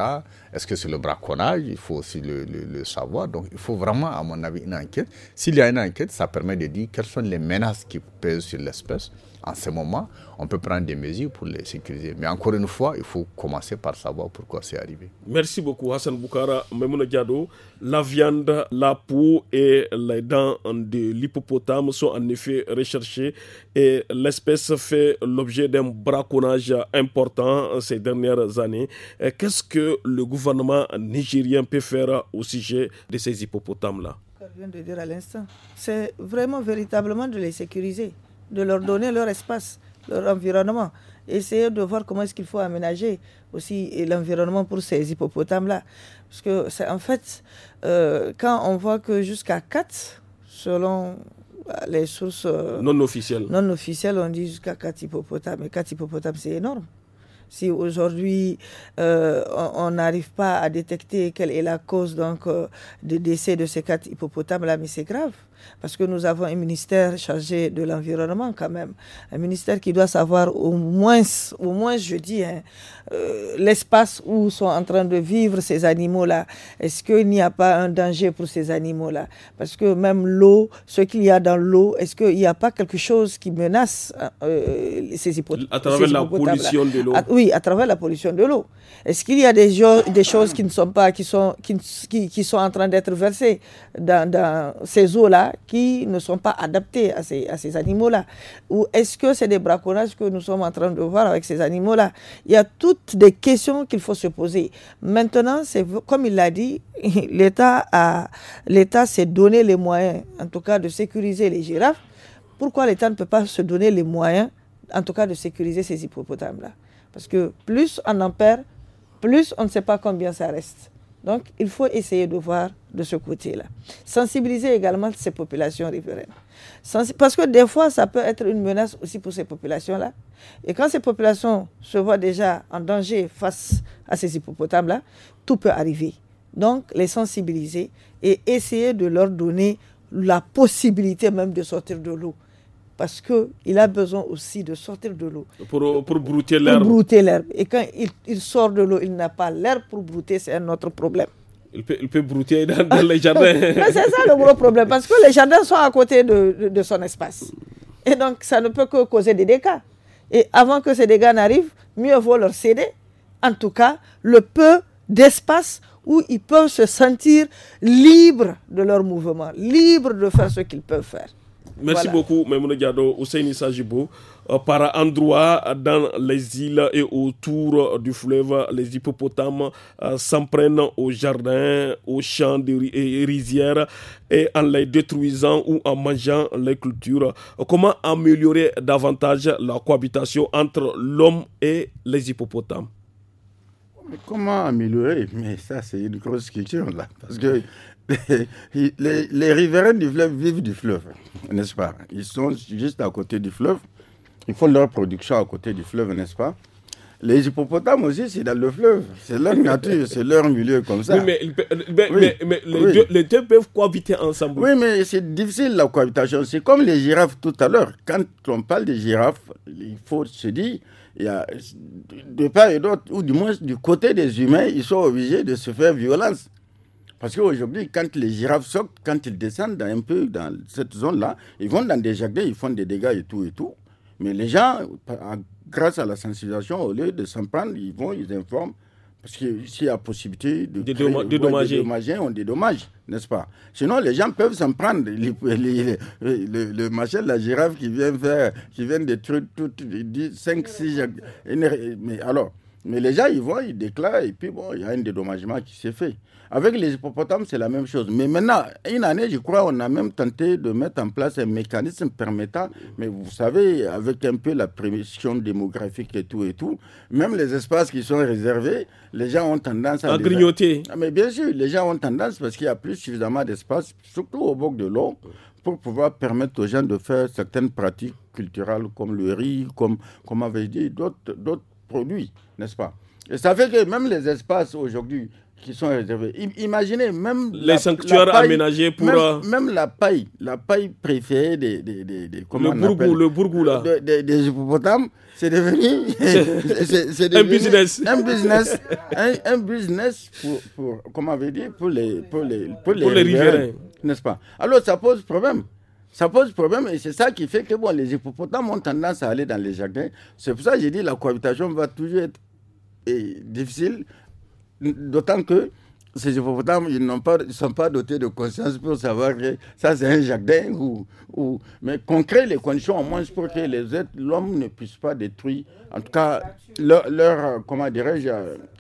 Est-ce que c'est le braconnage Il faut aussi le, savoir. Donc il faut vraiment, à mon avis, une enquête. S'il y a une enquête, ça permet de dire quelles sont les menaces qui pèsent sur l'espèce en ce moment, on peut prendre des mesures pour les sécuriser. Mais encore une fois, il faut commencer par savoir pourquoi c'est arrivé. Merci beaucoup Hassan Boukara, Memouna Diado. La viande, la peau et les dents de l'hippopotame sont en effet recherchées et l'espèce fait l'objet d'un braconnage important ces dernières années. Qu'est-ce que le gouvernement nigérien peut faire au sujet de ces hippopotames-là Je viens de dire à l'instant, c'est vraiment véritablement de les sécuriser de leur donner leur espace, leur environnement. Essayer de voir comment est-ce qu'il faut aménager aussi l'environnement pour ces hippopotames-là. Parce que c'est en fait, euh, quand on voit que jusqu'à 4, selon euh, les sources euh, non officielles, non officielles on dit jusqu'à 4 hippopotames. Et 4 hippopotames, c'est énorme. Si aujourd'hui on n'arrive pas à détecter quelle est la cause donc de des décès de ces quatre hippopotames là, mais c'est grave. Parce que nous avons un ministère chargé de l'environnement quand même. Un ministère qui doit savoir au moins, au moins je dis, hein, euh, l'espace où sont en train de vivre ces animaux-là. Est-ce qu'il n'y a pas un danger pour ces animaux-là Parce que même l'eau, ce qu'il y a dans l'eau, est-ce qu'il n'y a pas quelque chose qui menace hein, euh, ces hypothèses À travers la pollution de l'eau. Ah, oui, à travers la pollution de l'eau. Est-ce qu'il y a des, des choses qui ne sont pas, qui sont, qui, sont en train d'être versées dans ces eaux-là qui ne sont pas adaptés à ces, à ces animaux-là Ou est-ce que c'est des braconnages que nous sommes en train de voir avec ces animaux-là Il y a toutes des questions qu'il faut se poser. Maintenant, c'est comme il l'a dit, l'État a l'État s'est donné les moyens, en tout cas, de sécuriser les girafes. Pourquoi l'État ne peut pas se donner les moyens, en tout cas, de sécuriser ces hippopotames-là Parce que plus on en perd, plus on ne sait pas combien ça reste. Donc, il faut essayer de voir de ce côté-là. Sensibiliser également ces populations riveraines. Parce que des fois, ça peut être une menace aussi pour ces populations-là. Et quand ces populations se voient déjà en danger face à ces hippopotames-là, tout peut arriver. Donc, les sensibiliser et essayer de leur donner la possibilité même de sortir de l'eau parce qu'il a besoin aussi de sortir de l'eau. Pour, pour brouter l'herbe. Pour brouter l'herbe. Et quand il, il sort de l'eau, il n'a pas l'herbe pour brouter, c'est un autre problème. Il peut, brouter dans, dans les jardins. Mais c'est ça le gros problème, parce que les jardins sont à côté de, de, de, son espace. Et donc, ça ne peut que causer des dégâts. Et avant que ces dégâts n'arrivent, mieux vaut leur céder, en tout cas, le peu d'espace où ils peuvent se sentir libres de leur mouvement, libres de faire ce qu'ils peuvent faire. Merci beaucoup, Maimouna Diado, Hussein Sajibo. Euh, par endroits dans les îles et autour du fleuve, les hippopotames euh, s'en prennent aux jardins, aux champs de, et rizières et en les détruisant ou en mangeant les cultures. Comment améliorer davantage la cohabitation entre l'homme et les hippopotames comment améliorer Mais ça, c'est une grosse question, là. Parce que les, riverains du fleuve vivent du fleuve, n'est-ce pas Ils sont juste à côté du fleuve. Ils font leur production à côté du fleuve, n'est-ce pas les hippopotames aussi, c'est dans le fleuve. C'est leur nature, c'est leur milieu comme ça. mais, les, deux, peuvent cohabiter ensemble. Oui, mais c'est difficile la cohabitation. C'est comme les girafes tout à l'heure. Quand on parle des girafes, il faut se dire, il y a de part et d'autre, ou du moins du côté des humains, ils sont obligés de se faire violence. Parce qu'aujourd'hui, quand les girafes sortent, quand ils descendent un peu dans cette zone-là, ils vont dans des jardins, ils font des dégâts et tout et tout. Mais les gens, grâce à la sensibilisation, au lieu de s'en prendre, ils vont, ils informent. Parce que s'il y a possibilité de, de, dédommager. de on dédommage, n'est-ce pas Sinon, les gens peuvent s'en prendre. le, machin, la girafe qui vient faire, qui vient détruire les 5, 6... Mais alors, mais les gens, ils voient, ils déclarent, et puis bon, il y a un dédommagement qui s'est fait. Avec les hippopotames, c'est la même chose. Mais maintenant, une année, je crois, on a même tenté de mettre en place un mécanisme permettant, mais vous savez, avec un peu la prévision démographique et tout et tout, même les espaces qui sont réservés, les gens ont tendance à... à grignoter. Ah, mais bien sûr, les gens ont tendance parce qu'il y a plus suffisamment d'espace, surtout au bord de l'eau, pour pouvoir permettre aux gens de faire certaines pratiques culturelles comme le riz, comme, comme avait dit, d'autres produit, n'est-ce pas Et ça fait que même les espaces aujourd'hui qui sont réservés, imaginez même... Les sanctuaires aménagés pour... Euh, même, la paille, la paille préférée des... des, des, des comment le bourgou, appelle, le bourgou là. Des, des hippopotames, c'est devenu, c'est un business. Un business, un, business pour, pour, comment on veut dire, pour les, pour les, pour les, pour les riverains, n'est-ce pas Alors ça pose problème. Ça pose problème et c'est ça qui fait que bon, les hippopotames ont tendance à aller dans les jardins. C'est pour ça que j'ai dit la cohabitation va toujours être eh, difficile, d'autant que ces hippopotames, ils ne pas, ils sont pas dotés de conscience pour savoir que ça c'est un jardin. Ou, ou, mais qu'on crée les conditions au moins pour que les l'homme ne puisse pas détruire, en tout cas, leur, comment dirais-je,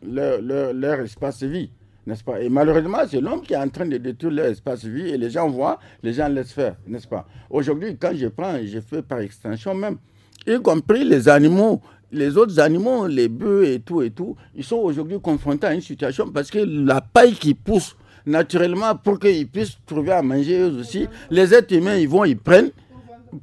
leur, leur, leur espace de vie. Et malheureusement, c'est l'homme qui est en train de détruire l'espace vie et les gens voient, les gens laissent faire, n'est-ce pas Aujourd'hui, quand je prends, je fais par extension même, y compris les animaux, les autres animaux, les bœufs et tout et tout, ils sont aujourd'hui confrontés à une situation parce que la paille qui pousse naturellement pour qu'ils puissent trouver à manger eux aussi, les êtres humains, ils vont, ils prennent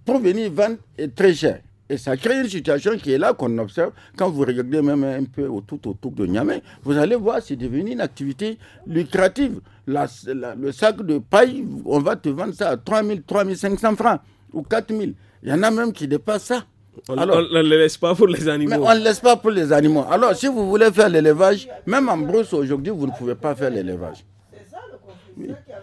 pour venir vendre très cher. Et ça crée une situation qui est là, qu'on observe. Quand vous regardez même un peu autour, autour de Niamey, vous allez voir, c'est devenu une activité lucrative. le sac de paille, on va te vendre ça à 3 000, 3 500 francs ou 4 000. Il y en a même qui dépasse ça. On ne les laisse pas pour les animaux. on ne laisse pas pour les animaux. Alors, si vous voulez faire l'élevage, même en brousse aujourd'hui, vous ne pouvez pas faire l'élevage.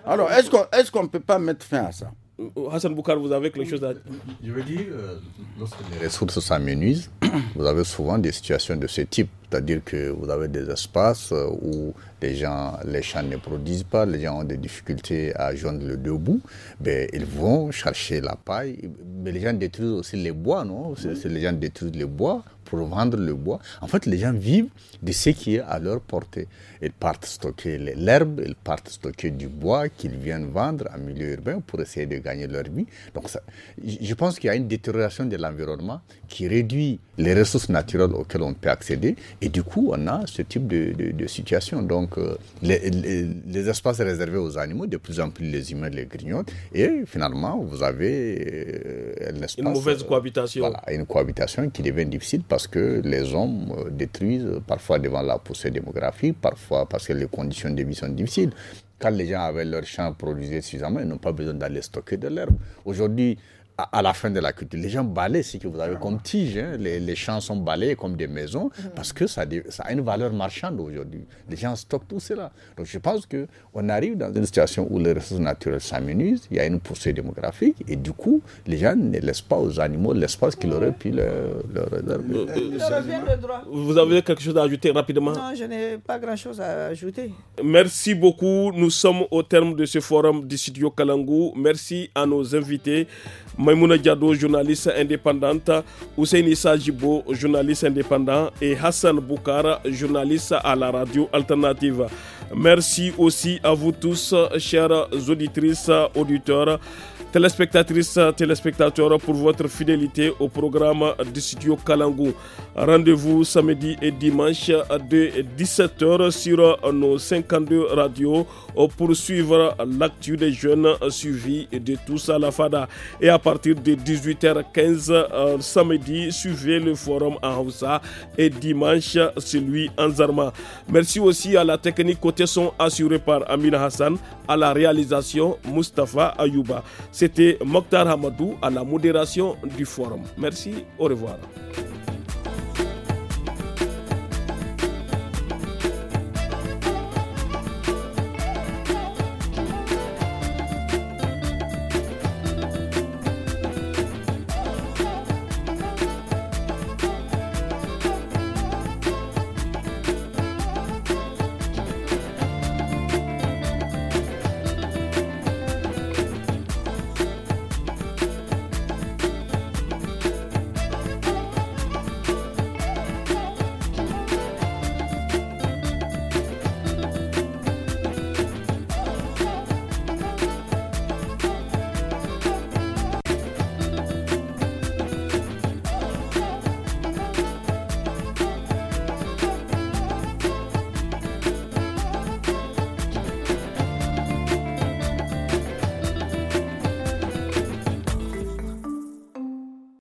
Alors, est-ce qu'on est ne peut pas mettre fin à ça euh, Hassan Boukar, vous avez quelque chose à dire Je veux dire, euh, lorsque les ressources s'amenuisent, vous avez souvent des situations de ce type. C'est-à-dire que vous avez des espaces euh, où les gens, les champs ne produisent pas, les gens ont des difficultés à joindre le debout. Ben, ils vont chercher la paille. Mais les gens détruisent aussi les bois, non C'est Les gens détruisent les bois pour vendre le bois. En fait, les gens vivent de ce qui est à leur portée. Ils partent stocker l'herbe, ils partent stocker du bois qu'ils viennent vendre en milieu urbain pour essayer de gagner leur vie. Donc, ça, je pense qu'il y a une détérioration de l'environnement qui réduit les ressources naturelles auxquelles on peut accéder. Et du coup, on a ce type de, situation. Donc, euh, les, espaces réservés aux animaux, de plus en plus les humains les grignotent. Et finalement, vous avez euh, Une mauvaise euh, cohabitation. Voilà, une cohabitation qui devient difficile parce que les hommes euh, détruisent, euh, parfois devant la poussée démographique, parfois parce que les conditions de vie sont difficiles. Quand les gens avaient leurs champs produisaient suffisamment, ils n'ont pas besoin d'aller stocker de l'herbe. Aujourd'hui, à, la fin de la culture, les gens balaient ce que vous avez comme tige. Hein. Les, champs sont balayés comme des maisons mhm. parce que ça, ça, a une valeur marchande aujourd'hui. Les gens stockent tout cela. Donc je pense qu'on arrive dans une situation où les ressources naturelles s'amenuisent, il y a une poussée démographique et du coup, les gens ne laissent pas aux animaux l'espace qu'ils auraient pu leur, leur réserver. Euh, euh, euh, vous avez quelque chose à ajouter rapidement Non, je n'ai pas grand-chose à ajouter. Merci beaucoup. Nous sommes au terme de ce forum du studio Kalangou. Merci à nos invités. Maimouna Diado, journaliste indépendante, Hussein Issa journaliste indépendant, et Hassan Boukar, journaliste à la radio alternative. Merci aussi à vous tous, chers auditrices, auditeurs téléspectatrices, téléspectateurs, pour votre fidélité au programme du studio Kalangou. Rendez-vous samedi et dimanche de 17h sur nos 52 radios pour suivre l'actu des jeunes suivis de tous à la FADA. Et à partir de 18h15 euh, samedi, suivez le forum à Hausa et dimanche celui en Zarma. Merci aussi à la technique côté son assurée par Amina Hassan, à la réalisation Mustapha Ayouba. C'était Mokhtar Hamadou à la modération du forum. Merci, au revoir.